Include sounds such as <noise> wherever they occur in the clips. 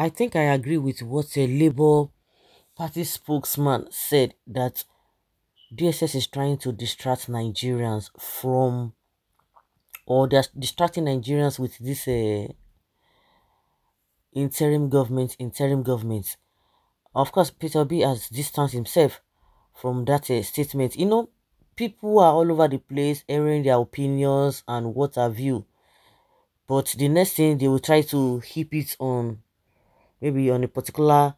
I think I agree with what a Labour Party spokesman said that DSS is trying to distract Nigerians from, or they're distracting Nigerians with this uh, interim government, interim government. Of course, Peter B has distanced himself from that uh, statement. You know, people are all over the place airing their opinions and what have you. But the next thing, they will try to heap it on maybe on a particular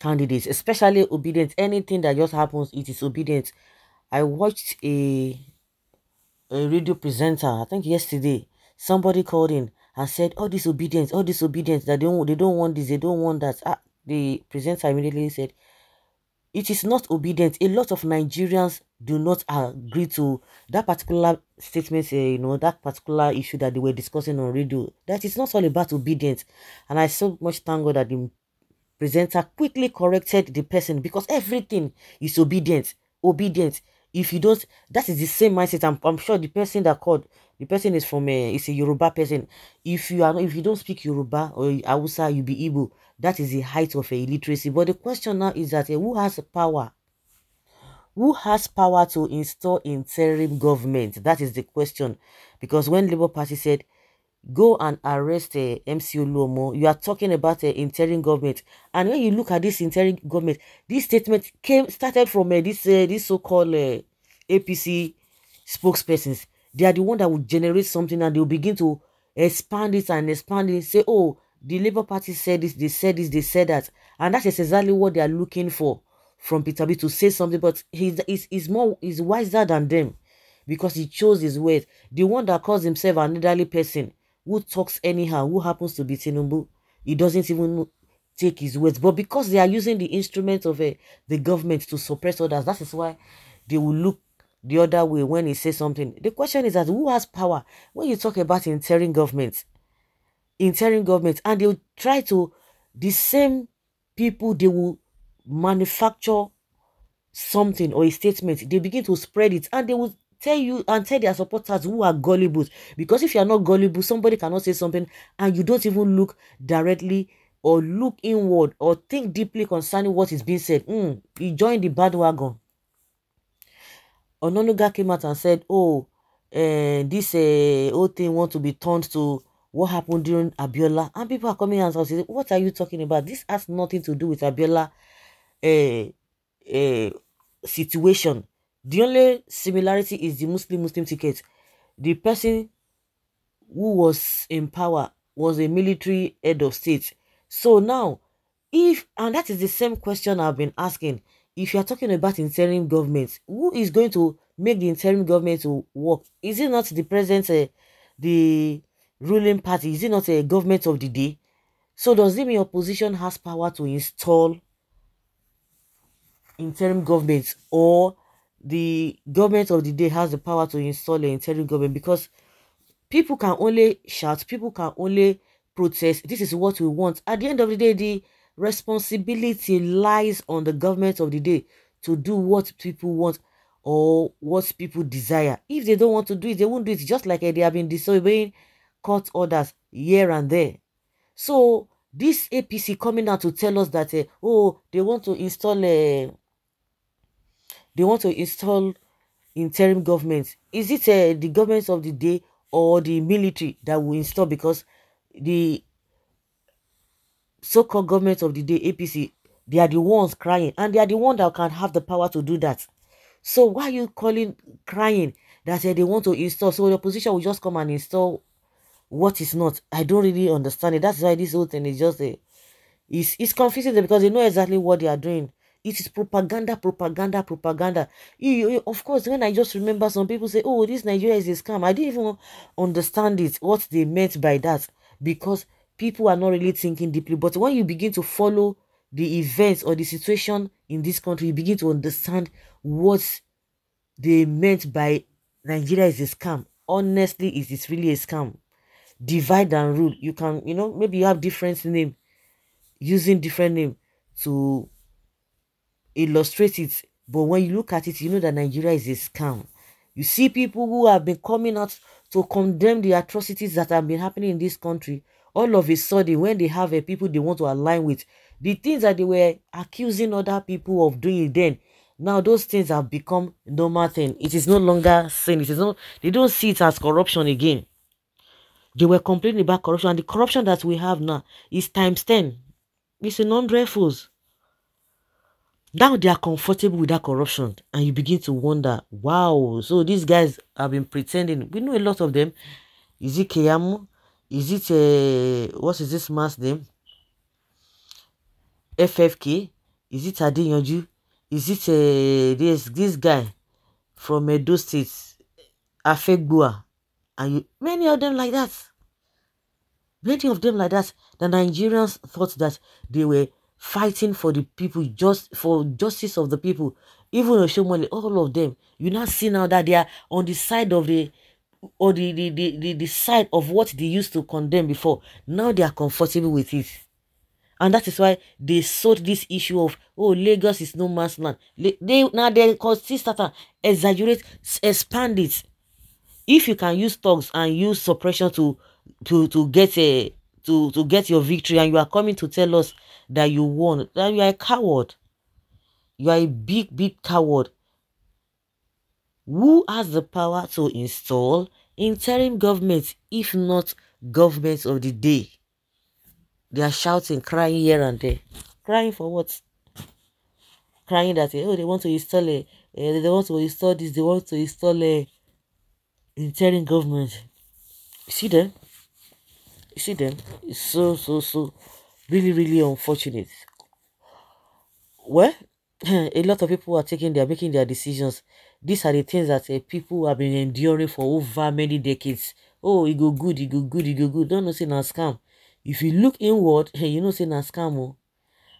candidates, especially obedience. Anything that just happens, it is obedience. I watched a a radio presenter, I think yesterday, somebody called in and said, "Oh, disobedience, oh, disobedience. That they don't, they don't want this, they don't want that." Ah, the presenter immediately said, it is not obedient. A lot of Nigerians do not agree to that particular statement, uh, you know, that particular issue that they were discussing on radio. That is not all about obedience. And I so much thank God that the presenter quickly corrected the person because everything is obedient. Obedient if you don't that is the same mindset i'm, I'm sure the person that called the person is from a eh, is a yoruba person if you are if you don't speak yoruba or say you be Ibu, that is the height of a eh, illiteracy but the question now is that uh, who has power who has power to install interim government that is the question because when labour party said go and arrest uh, eh, MC Oluomo. You are talking about an uh, eh, interim government, and when you look at this interim government, this statement came started from uh, this uh, this so-called uh, APC spokespersons. They are the one that will generate something, and they will begin to expand it and expand it. Say, oh, the Labour Party said this, they said this, they said that, and that is exactly what they are looking for from Peter B to say something. But he is is more is wiser than them. Because he chose his words. The one that calls himself an elderly person, who talks anyhow, who happens to be Tinubu, he doesn't even take his words. But because they are using the instrument of uh, the government to suppress others, that is why they will look the other way when he says something. The question is that who has power? When you talk about interim government, interim government, and they will try to, the same people, they will manufacture something or a statement, they begin to spread it and they will Tell you and tell their supporters who are gullible. Because if you are not gullible, somebody cannot say something and you don't even look directly or look inward or think deeply concerning what is being said. Mm, You join the bad wagon. Ononuga came out and said, Oh, uh, this uh, whole thing want to be turned to what happened during Abiola. And people are coming and saying, What are you talking about? This has nothing to do with Abiola uh, uh, situation. The only similarity is the Muslim-Muslim ticket. The person who was in power was a military head of state. So now, if, and that is the same question I've been asking, if you are talking about interim government, who is going to make the interim government to work? Is it not the present, uh, the ruling party? Is it not a government of the day? So does it mean opposition has power to install interim government or the government of the day has the power to install an interim government because people can only shout, people can only protest. This is what we want. At the end of the day, the responsibility lies on the government of the day to do what people want or what people desire. If they don't want to do it, they won't do it. Just like they have been disobeying court orders here and there. So this APC coming out to tell us that uh, oh they want to install a eh, they want to install interim government. Is it uh, the governments of the day or the military that will install? Because the so-called government of the day, APC, they are the ones crying, and they are the ones that can have the power to do that. So why are you calling crying that uh, they want to install? So the opposition will just come and install what is not. I don't really understand it. That's why this whole thing is just a, uh, it's it's confusing because they know exactly what they are doing. It is propaganda, propaganda, propaganda. You, you, of course, when I just remember some people say, oh, this Nigeria is a scam. I didn't even understand it, what they meant by that. Because people are not really thinking deeply. But when you begin to follow the events or the situation in this country, you begin to understand what they meant by Nigeria is a scam. Honestly, it is really a scam. Divide and rule. You can, you know, maybe you have different name, using different name to illustrates it. But when you look at it, you know that Nigeria is a scam. You see people who have been coming out to condemn the atrocities that have been happening in this country. All of a sudden, when they have a people they want to align with, the things that they were accusing other people of doing then, now those things have become normal thing. It is no longer sin. It is not. They don't see it as corruption again. They were complaining about corruption, and the corruption that we have now is times ten. It's a non-refuse. now they are comfortable with that corruption and you begin to wonder wow so these guys have been pretending we know a lot of them is it Keyamu is it uh, what is this man's name FFK is it Adeyanju is it uh, this this guy from Edo State Afegbua and you, many of them like that many of them like that the Nigerians thought that they were fighting for the people, just for justice of the people, even Oshomole, all of them, you now see now that they are on the side of the or the, the, the, the, the side of what they used to condemn before. Now they are comfortable with it. And that is why they sought this issue of, oh, Lagos is no man's land. They, they now they of exaggerate, expand it. If you can use thugs and use suppression to to to get a to to get your victory and you are coming to tell us that you won that you are a coward you are a big big coward who has the power to install interim governments if not governments of the day they are shouting crying here and there crying for what crying that eh, oh they want to install a uh, eh, eh, they want to install this they want to install a interim government you see them You see them? It's so, so, so really, really unfortunate. Well, <clears throat> a lot of people are taking, they're making their decisions. These are the things that uh, people have been enduring for over many decades. Oh, it e go good, it e go good, it e go good. Don't know, say, na scam. If you look inward, <laughs> you know, say, na scam. Oh.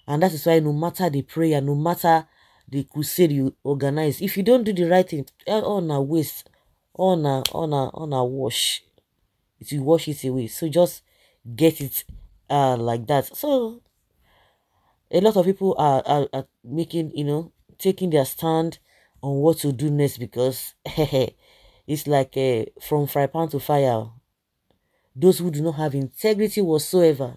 And that is why no matter the prayer, no matter the crusade you organize, if you don't do the right thing, eh, all na waste, all na, all na, all na wash. it will wash it away so just get it uh like that so a lot of people are, are, are making you know taking their stand on what to do next because <laughs> it's like a eh, from fry pan to fire those who do not have integrity whatsoever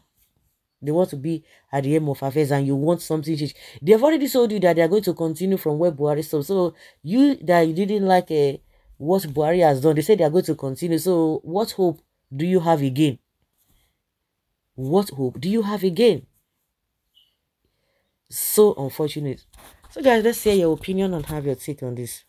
they want to be at the end of affairs and you want something change. They've already told you that they are going to continue from where Buhari stopped. So you that you didn't like a eh, what Buhari has done, they said they are going to continue. So what hope do you have again? What hope do you have again? So unfortunate. So guys, let's hear your opinion and have your take on this.